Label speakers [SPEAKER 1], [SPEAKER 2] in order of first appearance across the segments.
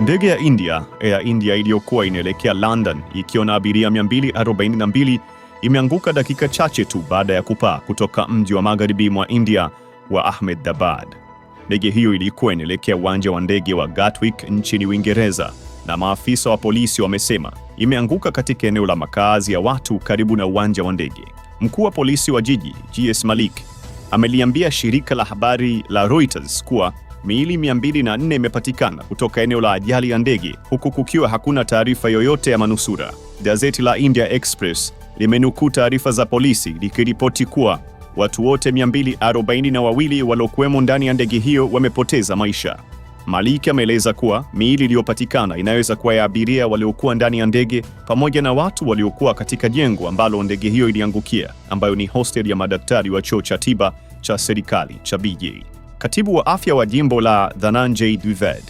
[SPEAKER 1] Ndege ya India Air India iliyokuwa inaelekea London ikiwa na abiria 242 imeanguka dakika chache tu baada ya kupaa kutoka mji wa magharibi mwa India wa Ahmedabad. Ndege hiyo ilikuwa inaelekea uwanja wa ndege wa Gatwick nchini Uingereza, na maafisa wa polisi wamesema imeanguka katika eneo la makazi ya watu karibu na uwanja wa ndege. Mkuu wa polisi wa jiji GS Malik ameliambia shirika la habari la Reuters kuwa Miili 204 imepatikana kutoka eneo la ajali ya ndege, huku kukiwa hakuna taarifa yoyote ya manusura. Gazeti la India Express limenukuu taarifa za polisi likiripoti kuwa watu wote 242 waliokuwemo ndani ya ndege hiyo wamepoteza maisha. Maliki ameeleza kuwa miili iliyopatikana inaweza kuwa ya abiria waliokuwa ndani ya ndege pamoja na watu waliokuwa katika jengo ambalo ndege hiyo iliangukia, ambayo ni hostel ya madaktari wa chuo cha tiba cha serikali cha BJ. Katibu wa afya wa jimbo la Dhananjay duved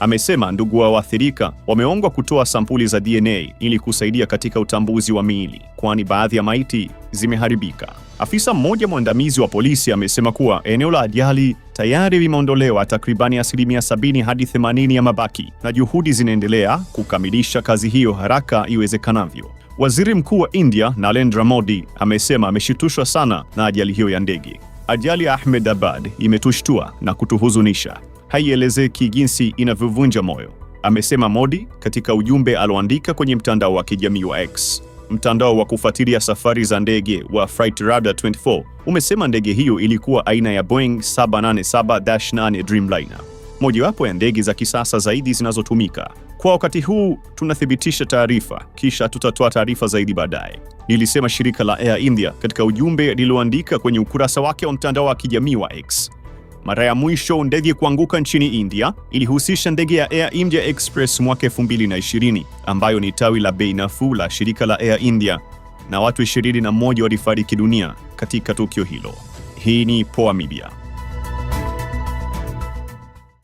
[SPEAKER 1] amesema ndugu wa waathirika wameongwa kutoa sampuli za DNA ili kusaidia katika utambuzi wa miili, kwani baadhi ya maiti zimeharibika. Afisa mmoja mwandamizi wa polisi amesema kuwa eneo la ajali tayari limeondolewa takribani asilimia 70 hadi 80 ya mabaki na juhudi zinaendelea kukamilisha kazi hiyo haraka iwezekanavyo. Waziri Mkuu wa India Narendra Modi amesema ameshitushwa sana na ajali hiyo ya ndege. Ajali ya Ahmedabad imetushtua na kutuhuzunisha, haielezeki jinsi inavyovunja moyo, amesema Modi katika ujumbe alioandika kwenye mtandao wa kijamii wa X. Mtandao wa kufuatilia safari za ndege wa Flightradar 24 umesema ndege hiyo ilikuwa aina ya Boeing 787-8 Dreamliner, mojawapo ya ndege za kisasa zaidi zinazotumika kwa wakati huu tunathibitisha taarifa, kisha tutatoa taarifa zaidi baadaye, lilisema shirika la Air India katika ujumbe lililoandika kwenye ukurasa wake wa mtandao wa kijamii wa X. Mara ya mwisho ndege kuanguka nchini India ilihusisha ndege ya Air India Express mwaka 2020 ambayo ni tawi la bei nafuu la shirika la Air India, na watu 21 walifariki dunia katika tukio hilo. Hii ni Poa Media.